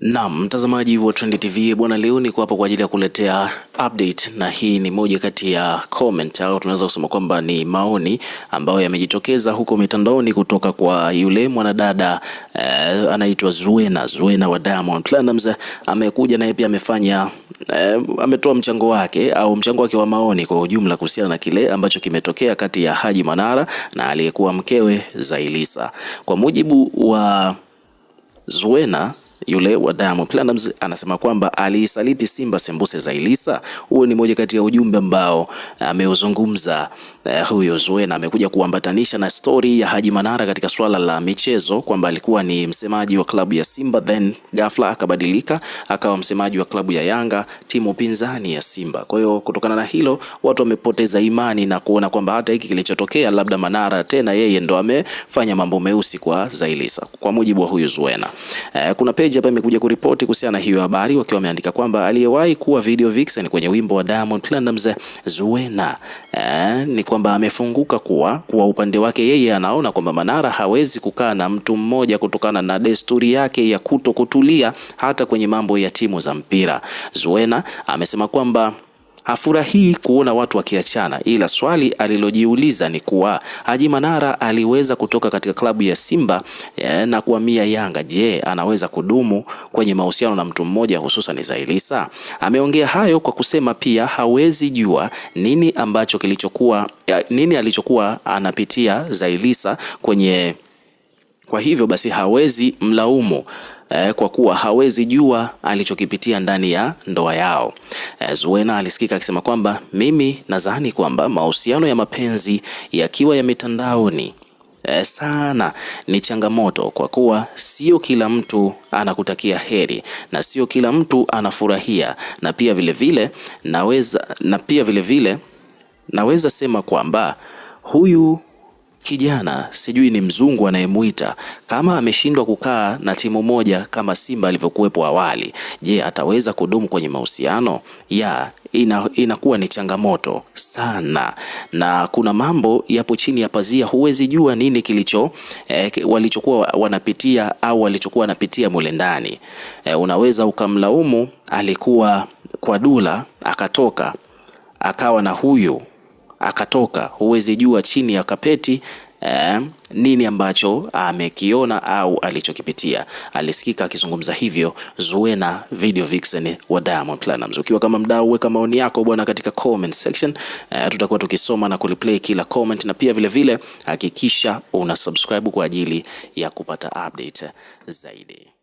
Na mtazamaji wa Trend TV bwana, leo niko hapa kwa ajili ya kuletea update, na hii ni moja kati ya comment au tunaweza kusema kwamba ni maoni ambayo yamejitokeza huko mitandaoni kutoka kwa yule mwanadada eh, anaitwa Zuena Zuena wa Diamond Platnumz. Amekuja naye pia amefanya eh, ametoa mchango wake au mchango wake wa maoni kwa ujumla kuhusiana na kile ambacho kimetokea kati ya Haji Manara na aliyekuwa mkewe Zailisa. Kwa mujibu wa Zuena yule wa Diamond Platinumz anasema kwamba aliisaliti Simba sembuse za Ilisa. Huo ni moja kati ya ujumbe ambao ameuzungumza eh, huyo Zuena amekuja kuambatanisha na stori ya Haji Manara katika swala la michezo kwamba alikuwa ni msemaji wa klabu ya Simba then ghafla akabadilika akawa msemaji wa klabu ya Yanga, timu pinzani ya Simba. Kwa hiyo kutokana na hilo watu wamepoteza imani na kuona kwamba hata hiki kilichotokea labda Manara tena yeye ndo amefanya mambo meusi kwa Zailisa, kwa mujibu wa huyu Zuena. Eh, kuna page hapa imekuja kuripoti kuhusiana na hiyo habari wakiwa wameandika kwamba aliyewahi kuwa video vixen kwenye wimbo wa Diamond Platnumz Zuena eh, ni kwamba amefunguka kuwa kwa upande wake yeye anaona kwamba Manara hawezi kukaa na mtu mmoja kutokana na desturi yake ya kuto kutulia hata kwenye mambo ya timu za mpira. Zuena amesema kwamba hafurahii kuona watu wakiachana, ila swali alilojiuliza ni kuwa Haji Manara aliweza kutoka katika klabu ya Simba eh, na kuhamia Yanga. Je, anaweza kudumu kwenye mahusiano na mtu mmoja hususan Zailisa? Ameongea hayo kwa kusema pia hawezi jua nini ambacho kilichokuwa eh, nini alichokuwa anapitia Zailisa kwenye, kwa hivyo basi hawezi mlaumu eh, kwa kuwa hawezi jua alichokipitia ndani ya ndoa yao. Eh, Zuena alisikika akisema kwamba mimi nadhani kwamba mahusiano ya mapenzi yakiwa ya mitandaoni eh, sana ni changamoto kwa kuwa sio kila mtu anakutakia heri na sio kila mtu anafurahia, na pia vile vile naweza na pia vile vile naweza sema kwamba huyu kijana sijui ni mzungu anayemuita kama ameshindwa kukaa na timu moja kama Simba alivyokuwepo awali, je, ataweza kudumu kwenye mahusiano ya ina, inakuwa ni changamoto sana, na kuna mambo yapo chini ya pazia, huwezi jua nini kilicho eh, walichokuwa wanapitia au walichokuwa wanapitia mule ndani eh, unaweza ukamlaumu alikuwa kwa Dula akatoka akawa na huyu akatoka, huwezi jua chini ya kapeti eh, nini ambacho amekiona au alichokipitia. Alisikika akizungumza hivyo Zuena video vixen wa Diamond Platnumz. Ukiwa kama mdau, weka maoni yako bwana katika comment section eh, tutakuwa tukisoma na kuliplay kila comment, na pia vile vile hakikisha una subscribe kwa ajili ya kupata update zaidi.